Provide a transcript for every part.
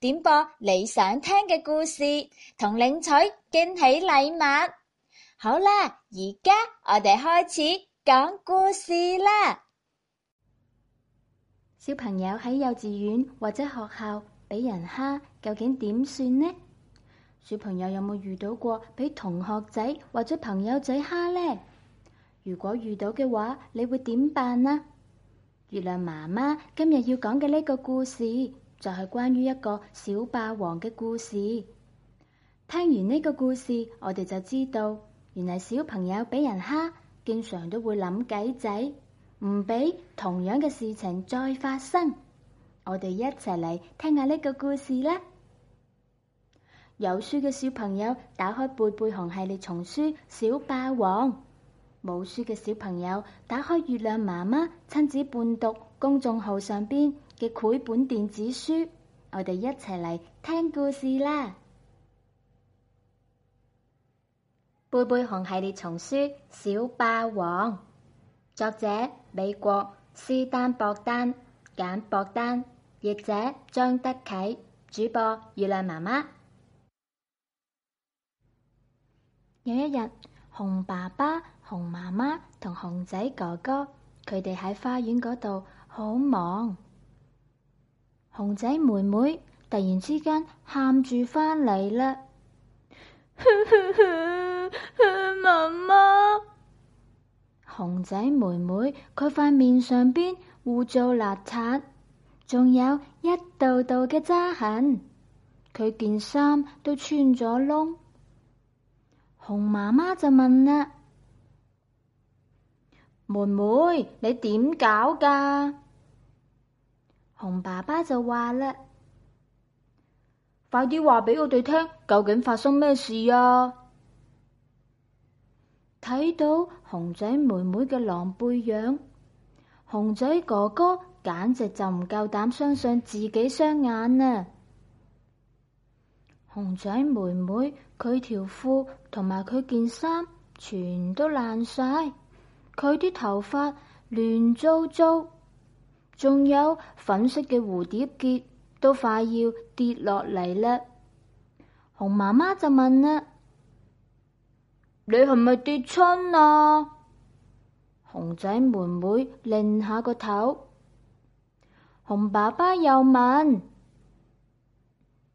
點播你想聽嘅故事，同領取驚喜禮物。好啦，而家我哋開始講故事啦。小朋友喺幼稚園或者學校俾人蝦，究竟點算呢？小朋友有冇遇到過俾同學仔或者朋友仔蝦呢？如果遇到嘅話，你會點辦呢？月亮媽媽今日要講嘅呢個故事。就係關於一個小霸王嘅故事。聽完呢個故事，我哋就知道，原來小朋友俾人蝦，經常都會諗計仔，唔俾同樣嘅事情再發生。我哋一齊嚟聽下呢個故事啦。有書嘅小朋友打開貝貝熊系列叢書《小霸王》，冇書嘅小朋友打開月亮媽媽親子伴讀公眾號上邊嘅繪本電子書，我哋一齊嚟聽故事啦。貝貝熊系列叢書《小霸王》，作者美國斯丹博丹簡博丹，譯者張德啟，主播月亮媽媽。有一日，熊爸爸、熊媽媽同熊仔哥哥，佢哋喺花園嗰度好忙。熊仔妹妹突然之間喊住返嚟啦，媽媽。 媽媽。熊仔妹妹佢塊面上邊污糟邋遢，仲有一道道嘅渣痕，佢件衫都穿咗窿。熊媽媽就問啦：妹妹，你點搞噶？熊爸爸就話啦：快啲話俾我哋聽，究竟發生咩事啊？睇到熊仔妹妹嘅狼狽樣，熊仔哥哥簡直就唔夠膽相信自己雙眼呢。熊仔妹妹，佢條褲同埋佢件衫全都爛晒，佢啲頭髮亂糟糟。仲有粉色嘅蝴蝶結都快要跌落嚟啦，熊媽媽就問啦：你係咪跌親啊？熊仔妹妹擰下個頭，熊爸爸又問：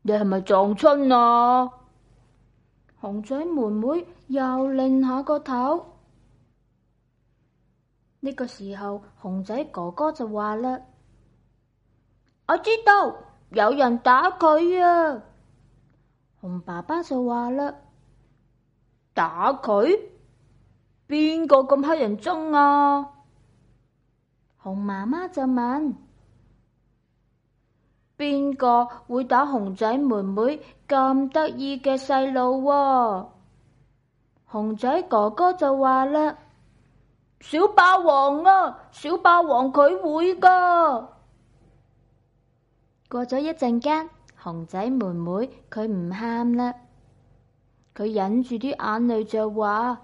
你係咪撞親啊？熊仔妹妹又擰下個頭。呢個時候，熊仔哥哥就話啦：我知道有人打佢啊。熊爸爸就話啦：打佢？邊個咁乞人憎啊？熊媽媽就問：邊個會打熊仔妹妹咁得意嘅細路？熊仔哥哥就話啦。小霸王啊！小霸王佢會噶。過咗一陣間，熊仔妹妹佢唔喊啦，佢忍住啲眼淚就話：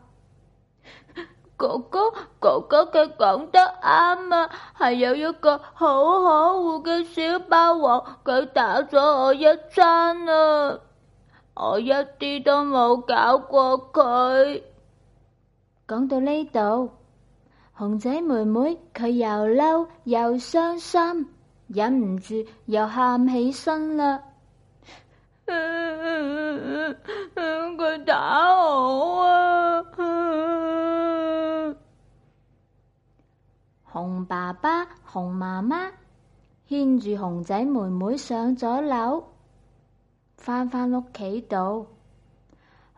哥哥，哥哥佢講得啱啊！係有一個好可惡嘅小霸王，佢打咗我一餐啊！我一啲都冇搞過佢。講到呢度。熊仔妹妹佢又嬲又傷心，忍唔住又喊起身啦！佢打我啊！熊爸爸、熊媽媽牽住熊仔妹妹上咗樓，翻返屋企度。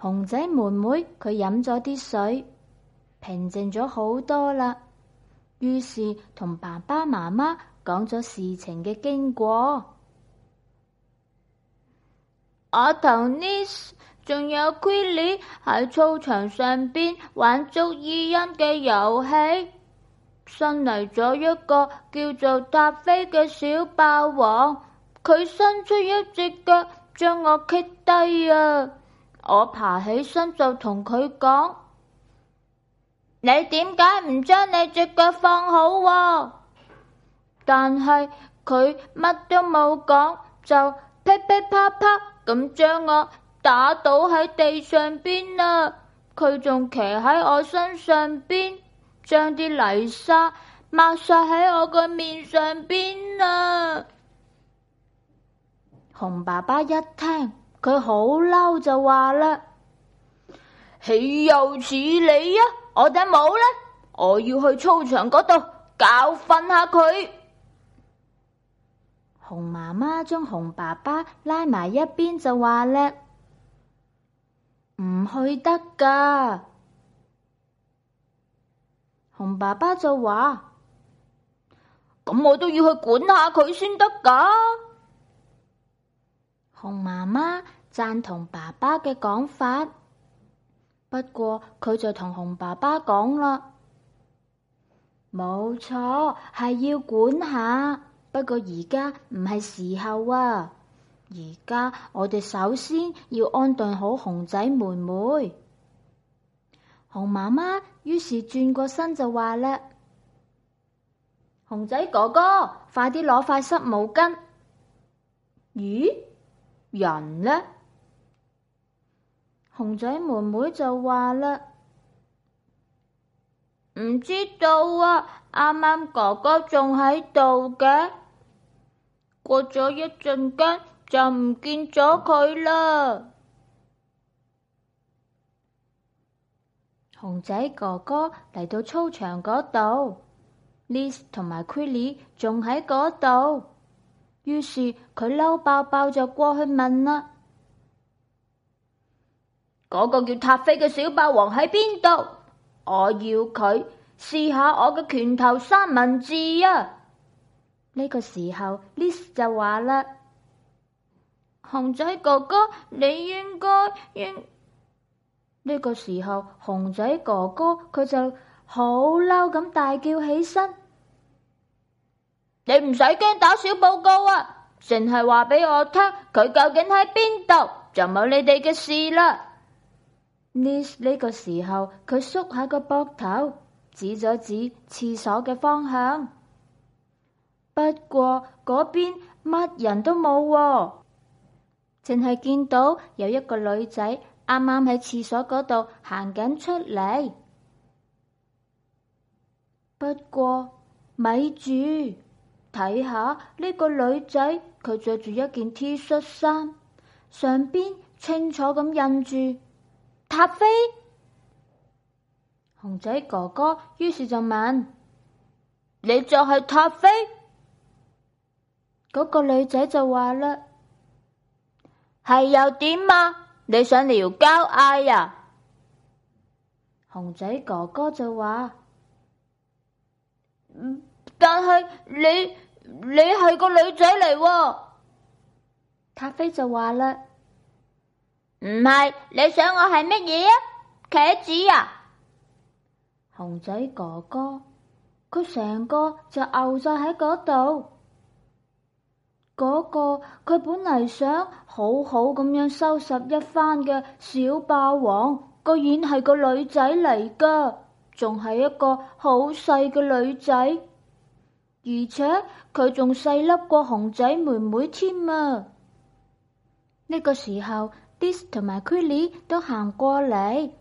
熊仔妹妹佢飲咗啲水。平靜咗好多啦，於是同爸爸媽媽講咗事情嘅經過。我同 Nis 仲有 Quilly 喺操場上邊玩捉耳音嘅遊戲，新嚟咗一個叫做踏飛嘅小霸王，佢伸出一隻腳將我棘低啊！我爬起身就同佢講。你點解唔將你隻腳放好啊？但係佢乜都冇講，就噼噼啪啪咁將我打倒喺地上邊啦啊。佢仲騎喺我身上邊，將啲泥沙抹晒喺我個面上邊啦啊。熊爸爸一聽，佢好嬲就話啦：豈有此理啊！我哋冇喇，我要去操場嗰度教訓下佢。熊媽媽將熊爸爸拉埋一邊就話叻，唔去得噶。熊爸爸就話，咁、嗯、我都要去管下佢先得噶。熊媽媽贊同爸爸嘅講法。不過佢就同熊爸爸講啦，冇錯係要管下，不過而家唔係時候啊！而家我哋首先要安頓好熊仔妹妹，熊媽媽於是轉過身就話啦：熊仔哥哥，快啲攞塊濕毛巾！咦，人呢？熊仔妹妹就話啦：唔知道啊，啱啱哥哥仲喺度嘅，過咗一陣間就唔見咗佢啦。熊仔哥哥嚟到操場嗰度 Lis 同埋 Quilly 仲喺嗰度，於是佢嬲爆爆就過去問啦。嗰個叫塔菲嘅小霸王喺邊度？我要佢試下我嘅拳頭三文治啊！呢個時候 l i s 就話啦：熊仔哥哥，你應該應呢個時候，熊仔哥哥佢就好嬲咁大叫起身：你唔使驚打小報告啊！淨係話俾我聽佢究竟喺邊度，就冇你哋嘅事啦。呢呢個時候，佢縮下個膊頭，指咗指廁所嘅方向。不過嗰邊乜人都冇喎，淨係見到有一個女仔啱啱喺廁所嗰度行緊出嚟。不過咪住睇下呢個女仔，佢着住一件 T 恤衫，上邊清楚咁印住。塔菲，熊仔哥哥於是就問：你就係塔菲？嗰個女仔就話啦：係又點啊？你想撩交嗌啊？熊仔哥哥就話：但係你你係個女、哦、仔嚟？喎。塔菲就話啦。唔係，你想我係乜嘢茄子呀、啊！熊仔哥哥，佢成個就漚晒喺嗰度。嗰、那個佢本嚟想好好咁樣收拾一番嘅小霸王，居然係個女仔嚟噶，仲係一個好細嘅女仔，而且佢仲細粒過熊仔妹妹添啊！呢、這個時候。Diss 同埋 Quilly 都行過嚟，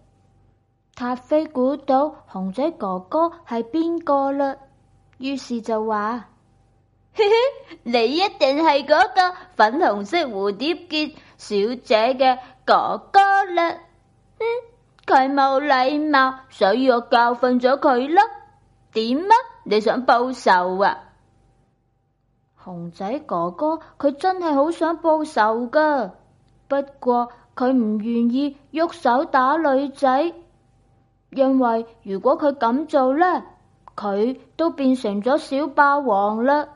塔飛估到熊仔哥哥係邊個嘞？於是就話： 你一定係嗰個粉紅色蝴蝶結小姐嘅哥哥嘞。嗯，佢冇禮貌，所以我教訓咗佢咯。點啊？你想報仇啊？熊仔哥哥佢真係好想報仇噶。不過佢唔願意喐手打女仔，因為如果佢咁做呢，佢都變成咗小霸王啦。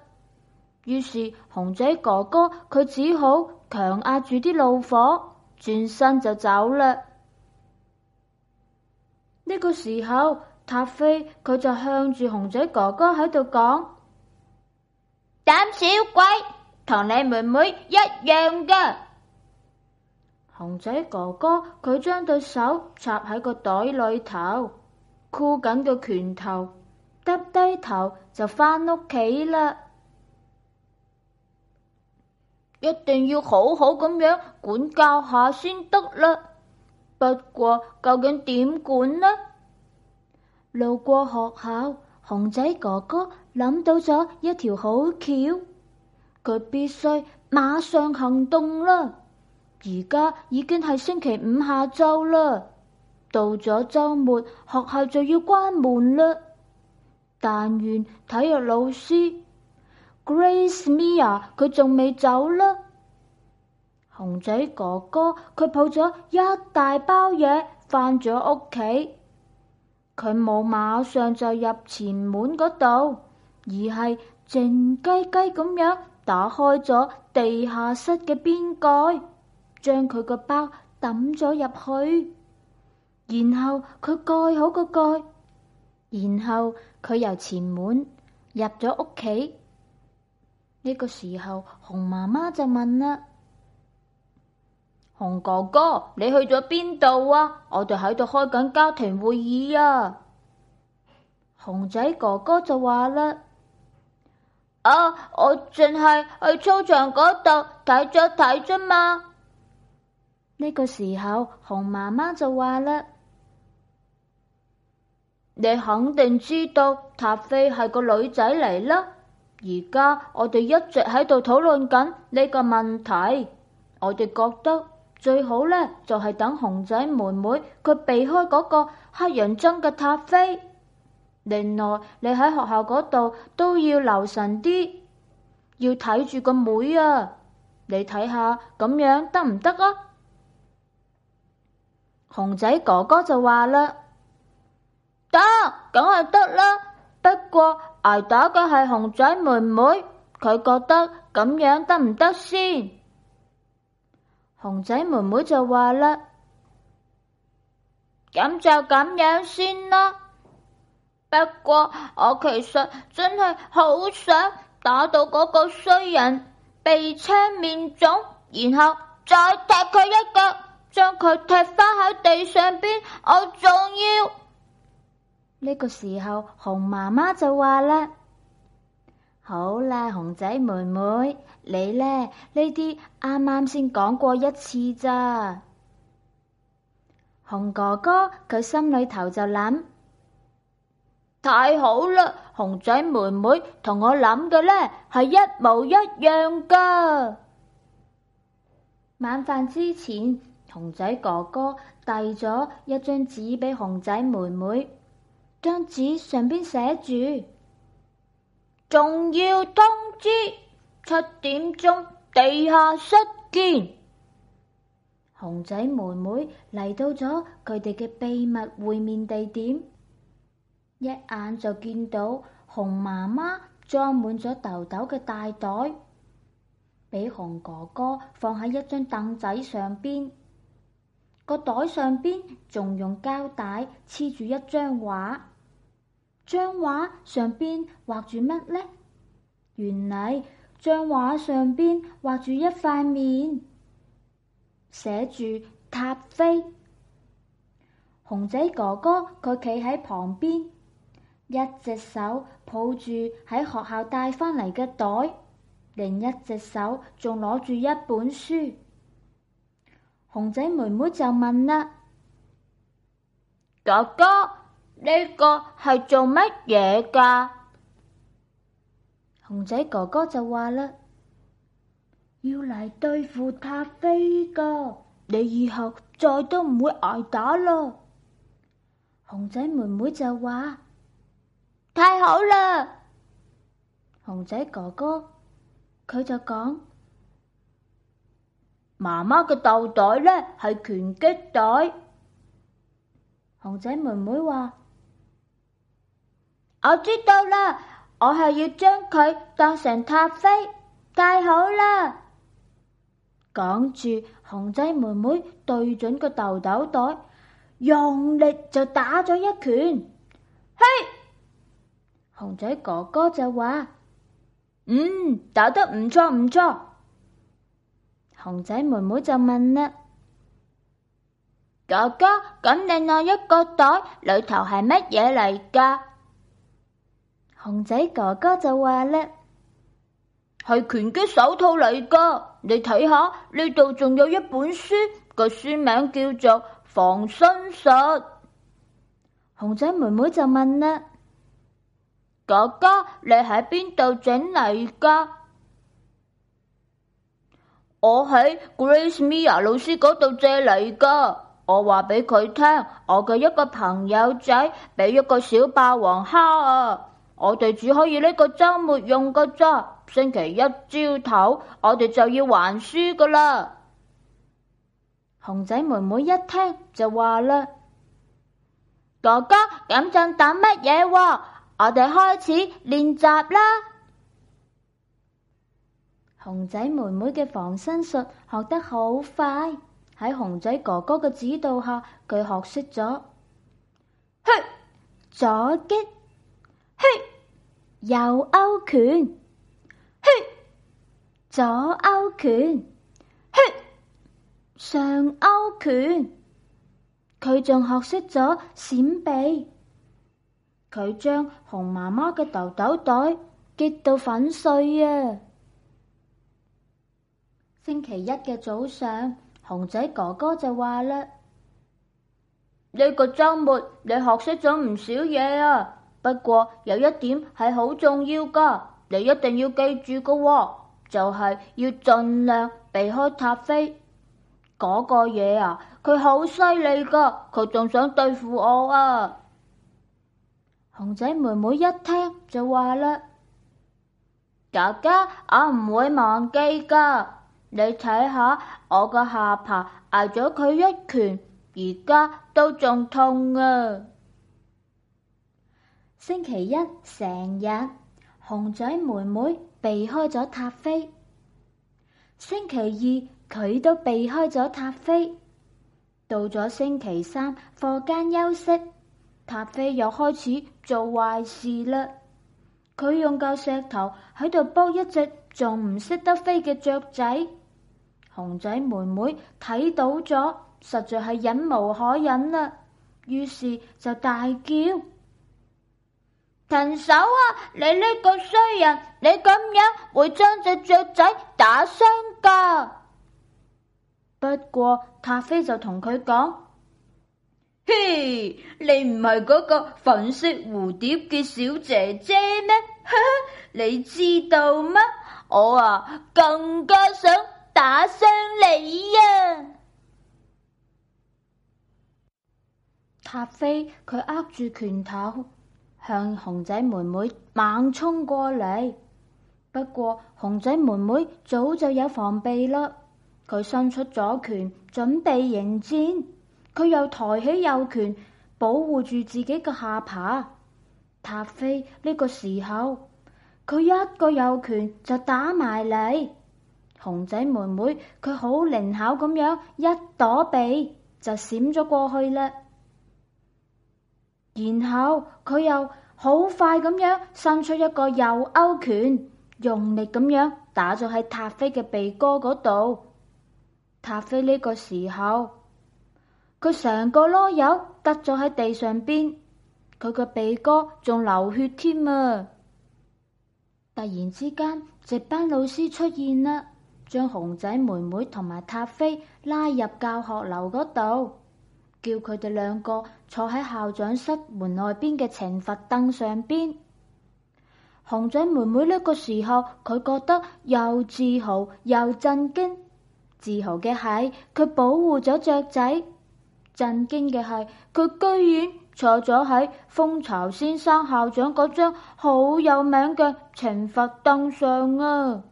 於是熊仔哥哥佢只好強壓住啲怒火，轉身就走啦。呢個時候，塔飛佢就向住熊仔哥哥喺度講：膽小鬼，同你妹妹一樣噶。熊仔哥哥佢將對手插喺個袋裏頭，箍緊個拳頭，耷低頭就返屋企啦。一定要好好咁樣管教下先得啦。不過究竟點管呢？路過學校，熊仔哥哥諗到咗一條好橋，佢必須馬上行動啦。而家已經係星期五下晝啦，到咗周末學校就要關門啦。但願體育老師 Grace Mia 佢仲未走啦。熊仔哥哥佢抱咗一大包嘢翻咗屋企，佢冇馬上就入前門嗰度，而係靜雞雞咁樣打開咗地下室嘅邊蓋。將佢個包抌咗入去，然後佢蓋好個蓋，然後佢由前門入咗屋企。呢個時候，熊媽媽就問啦，熊哥哥，你去咗邊度啊？我哋喺度開緊家庭會議啊！熊仔哥哥就話啦，啊，我淨係去操場嗰度睇咗睇啫嘛。看呢個時候，熊媽媽就話啦：你肯定知道塔菲係個女仔嚟啦。而家我哋一直喺度討論緊呢個問題，我哋覺得最好呢，就係等熊仔妹妹佢避開嗰個黑人憎嘅塔菲。另外，你喺學校嗰度都要留神啲，要睇住個妹啊。你睇下咁樣得唔得啊？熊仔哥哥就話啦：得，梗係得啦。不過挨打嘅係熊仔妹妹，佢覺得咁樣得唔得先？熊仔妹妹就話啦：咁就咁樣先啦。不過我其實真係好想打到嗰個衰人鼻青面腫，然後再踢佢一腳。將佢踢翻喺地上邊，我仲要。呢個時候，熊媽媽就話啦：好啦，熊仔妹妹，你咧呢啲啱啱先講過一次咋？熊哥哥佢心裏頭就諗：太好啦，熊仔妹妹同我諗嘅呢係一模一樣噶。晚飯之前。熊仔哥哥遞咗一張紙俾熊仔妹妹，張紙上邊寫住，重要通知，七點鐘地下室見。熊仔妹妹嚟到咗佢哋嘅秘密會面地點，一眼就見到熊媽媽裝滿咗豆豆嘅大袋，俾熊哥哥放喺一張凳仔上邊。個袋上邊仲用膠帶黐住一張畫，張畫上邊畫住乜呢？原嚟張畫上邊畫住一塊面，寫住塔飛。熊仔哥哥佢企喺旁邊，一隻手抱住喺學校帶翻嚟嘅袋，另一隻手仲攞住一本書。熊仔妹妹就問啦：哥哥，呢個係做乜嘢噶？熊仔哥哥就話啦：要嚟對付塔飛噶，你以後再都唔會挨打咯。熊仔妹妹就話：太好啦！熊仔哥哥，佢就講。媽媽嘅豆袋呢係拳擊袋，熊仔妹妹話：我知道啦，我係要將佢當成塔飛，戴好啦！講住，熊仔妹妹對準個豆豆袋用力就打咗一拳，嘿！熊仔哥哥就話：嗯，打得唔錯唔錯。熊仔妹妹就問啦：哥哥，咁你那一個袋裏頭係乜嘢嚟噶？熊仔哥哥就話啦：係拳擊手套嚟噶，你睇下呢度仲有一本書，個書名叫做防身術。熊仔妹妹就問啦：哥哥，你喺邊度整嚟噶？我喺 Grace Mia 老師嗰度借嚟噶。我話俾佢聽，我嘅一個朋友仔俾一個小霸王蝦啊。我哋只可以呢個周末用嘅啫，星期一朝頭我哋就要還書噶啦。熊仔妹妹一聽就話啦：，哥哥，咁就等乜嘢？我哋開始練習啦。熊仔妹妹嘅防身術學得好快，喺熊仔哥哥嘅指導下，佢學識咗，嘿左擊，嘿右勾拳，嘿左勾拳，嘿上勾拳。佢仲學識咗閃避，佢將熊媽媽嘅豆豆袋擊到粉碎啊！星期一嘅早上，熊仔哥哥就話啦：呢個周末你學識咗唔少嘢啊，不過有一點係好重要噶，你一定要記住噶喎，就係要盡量避開塔飛嗰個嘢啊！佢好犀利噶，佢仲想對付我啊！熊仔妹妹一聽就話啦：大家我唔會忘記噶。你睇下我個下巴挨咗佢一拳，而家都仲痛啊！星期一成日熊仔妹妹避開咗塔飛，星期二佢都避開咗塔飛。到咗星期三課間休息，塔飛又開始做壞事嘞。佢用嚿石頭喺度煲一隻，仲唔識得飛嘅雀仔，熊仔妹妹睇到咗，實在係忍無可忍啦，於是就大叫：停手啊！你呢個衰人，你咁樣會將隻雀仔打傷噶。不過塔菲就同佢講：嘿，你唔係嗰個粉色蝴蝶嘅小姐姐咩？ 你知道嗎？我啊，更加想打傷你啊！塔飛佢握住拳頭，向熊仔妹妹猛衝過嚟。不過熊仔妹妹早就有防備啦，佢伸出左拳準備迎戰，佢又抬起右拳保護住自己嘅下巴。塔飛呢個時候。佢一個右拳就打埋嚟，熊仔妹妹佢好靈巧咁樣一躲避，就閃咗過去啦。然後佢又好快咁樣伸出一個右勾拳，用力咁樣打咗喺塔飛嘅鼻哥嗰度。塔飛呢個時候，佢成個囉柚跌咗喺地上邊，佢個鼻哥仲流血添啊！突然之間，值班老師出現啦，將熊仔妹妹同埋塔飛拉入教學樓嗰度，叫佢哋兩個坐喺校長室門外邊嘅懲罰凳上邊。熊仔妹妹呢個時候，佢覺得又自豪又震驚。自豪嘅係佢保護咗雀仔，震驚嘅係佢居然，坐咗喺蜂巢先生校長嗰張好有名嘅懲罰凳上啊，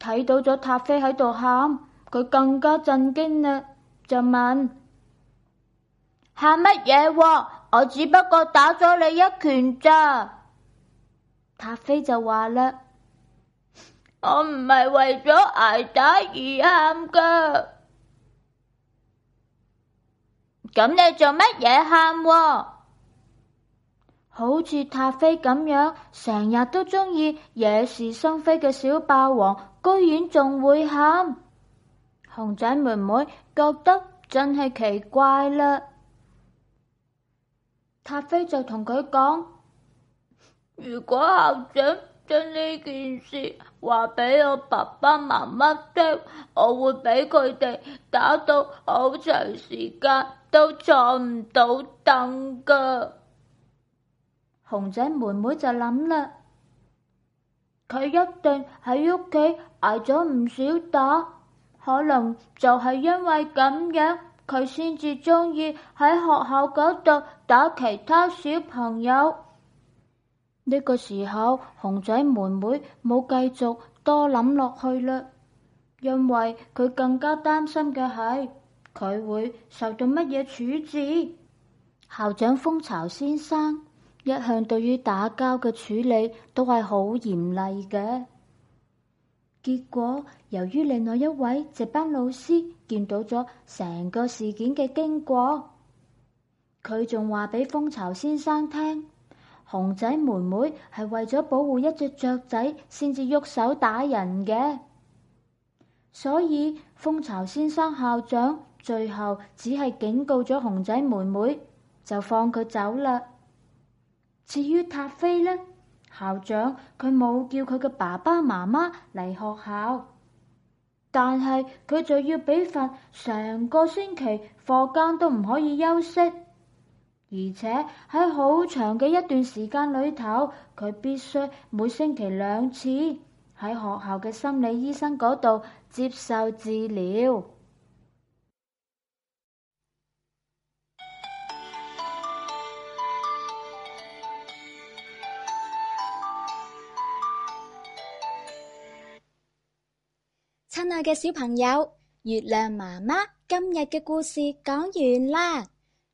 睇到咗塔菲喺度喊，佢更加震驚嘞，就問：喊乜嘢啊？我只不過打咗你一拳咋？塔菲就話啦：我唔係為咗捱打而喊噶。咁你做乜嘢喊？好似塔飛咁樣，成日都中意惹是生非嘅小霸王，居然仲會喊。熊仔妹妹覺得真係奇怪啦。塔飛就同佢講：如果校長。將呢件事話俾我爸爸媽媽聽，我會俾佢哋打到好長時間都坐唔到凳噶。熊仔妹妹就諗啦，佢一定喺屋企挨咗唔少打，可能就係因為咁樣，佢先至中意喺學校嗰度打其他小朋友。呢個時候，熊仔妹妹冇繼續多諗落去嘞，因為佢更加擔心嘅係佢會受到乜嘢處置。校長蜂巢先生一向對於打交嘅處理都係好嚴厲嘅。結果，由於另外一位值班老師見到咗成個事件嘅經過，佢仲話俾蜂巢先生聽。熊仔妹妹係為咗保護一隻雀仔，先至喐手打人嘅，所以蜂巢先生校長最後只係警告咗熊仔妹妹，就放佢走啦。至於塔菲呢，校長佢冇叫佢嘅爸爸媽媽嚟學校，但係佢就要俾罰，成個星期課間都唔可以休息。而且喺好長嘅一段時間裏頭，佢必須每星期兩次喺學校嘅心理醫生嗰度接受治療。親愛嘅小朋友，月亮媽媽今日嘅故事講完啦。